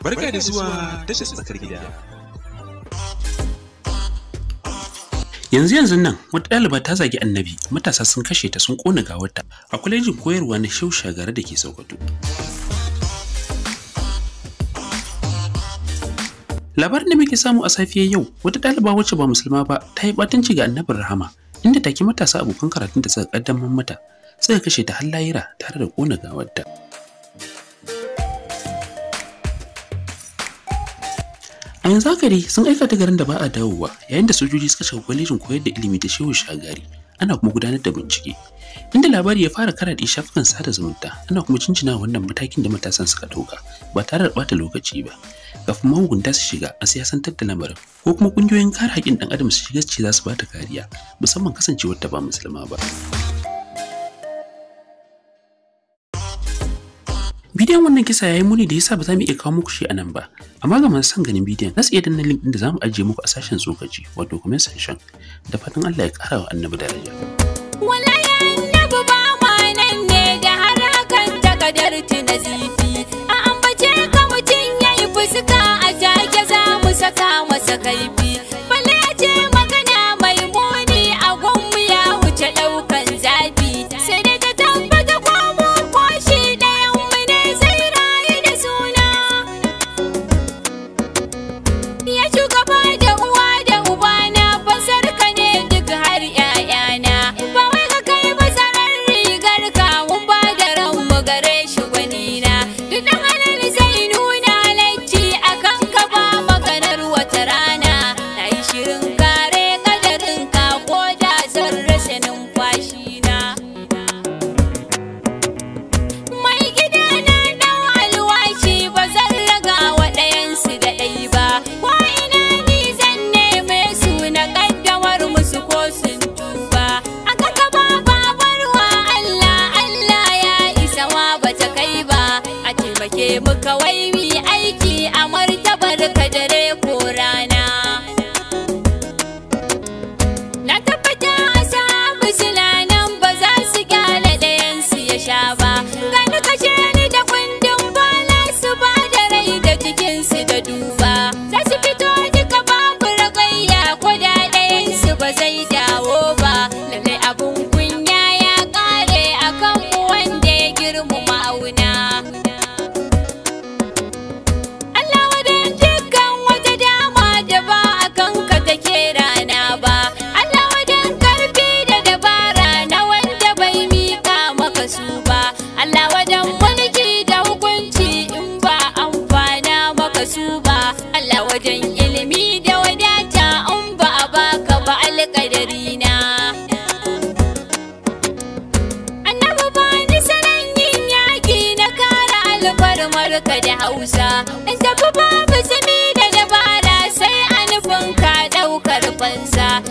Barka da zuwa tashar tsakar gida. Yanzu yanzu nan wata ɗaliba ta zagi annabi matasa sun kashe ta sun ƙona gawarta a kwalejin koyarwa na shagara da ke Sokoto. Labarin da muke samu a safiyar yau wata ɗaliba wacce ba musulma ba ta yi ɓatanci ga annabin rahama inda ta take matasa abokan karatun da suka ƙaddamar mata suka kashe ta har layira tare da ƙona gawarta. Yan zakari sun aika ta garin da ba a dawowa yayin da sojoji suka shiga kwalejin koyar da ilimi da shehu shagari ana kuma gudanar da bincike inda labari ya fara karaɗe shafukan sada zumunta ana kuma cincina wannan matakin da matasan suka ɗauka ba tare da bata lokaci ba kafin mahukunta su shiga a siyasantar da lamarin ko kuma ƙungiyoyin kare haƙƙin ɗan adam su shiga ce za su ba ta kariya musamman kasancewar ta ba musulma ba. bidiyon wannan kisa yayi muni da yasa ba za mu iya kawo muku shi a nan ba amma ga masu son ganin bidiyon za su iya danna link din da za mu ajiye muku a sashen tsokaci wato comment section da fatan Allah ya kara wa annabi daraja kai ba a taimake mu kawai yi aiki a martabar ka dare ko rana na tabbata samu suna nan ba za su gyara ɗayan su ya sha ba gani kashe ni da kundin bala su ba da rai da cikin su da duba za su fito duka babu ragayya ko da ɗayan su ba zai dawo ba duba Allah wajen ilimi da wadata in ba a baka ba alƙadari na Annabi ba ni sanan yin yaƙi na kara alfarmar ka da Hausa in tafi babu zumi da dabara sai an nufin ka ɗaukar fansa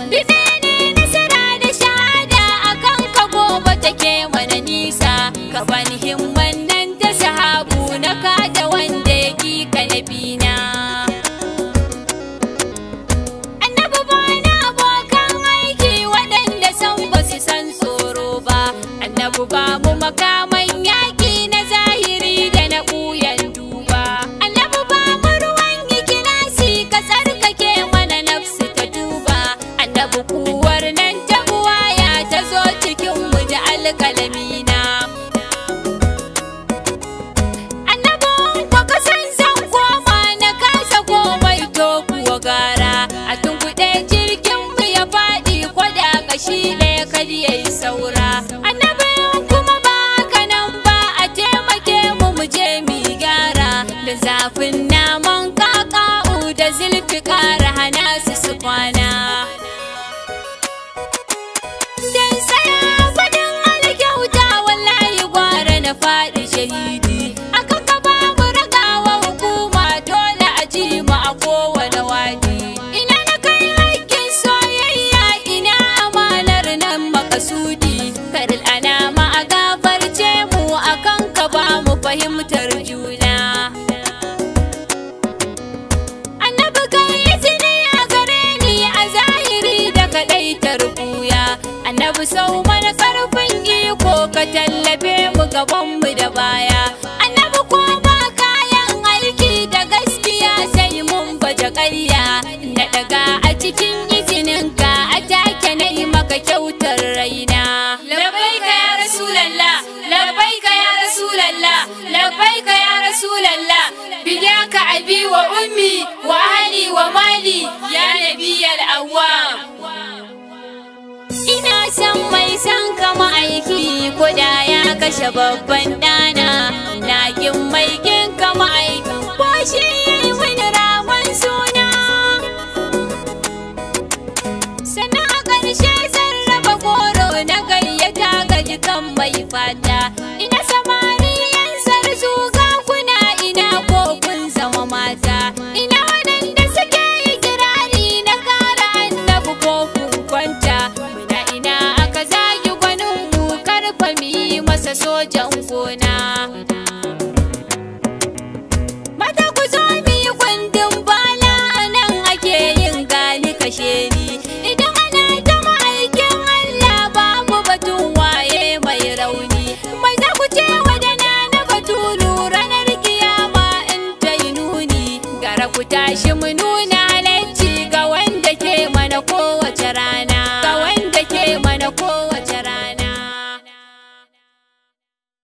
kaɗaitar buya annabi sau mana ƙarfin iko ka tallabe mu gabanmu da baya annabi ko ba kayan aiki da gaskiya sai mun baje ƙarya na daga a cikin izininka a take na yi maka kyautar raina labaika ya rasulallah labaika ya rasulallah labaika ya rasulallah bidaka abi wa ummi wa ahli wa mali ya nabiyal ciki kuda ya kashe babban dana na kin mai kin kama gashi mun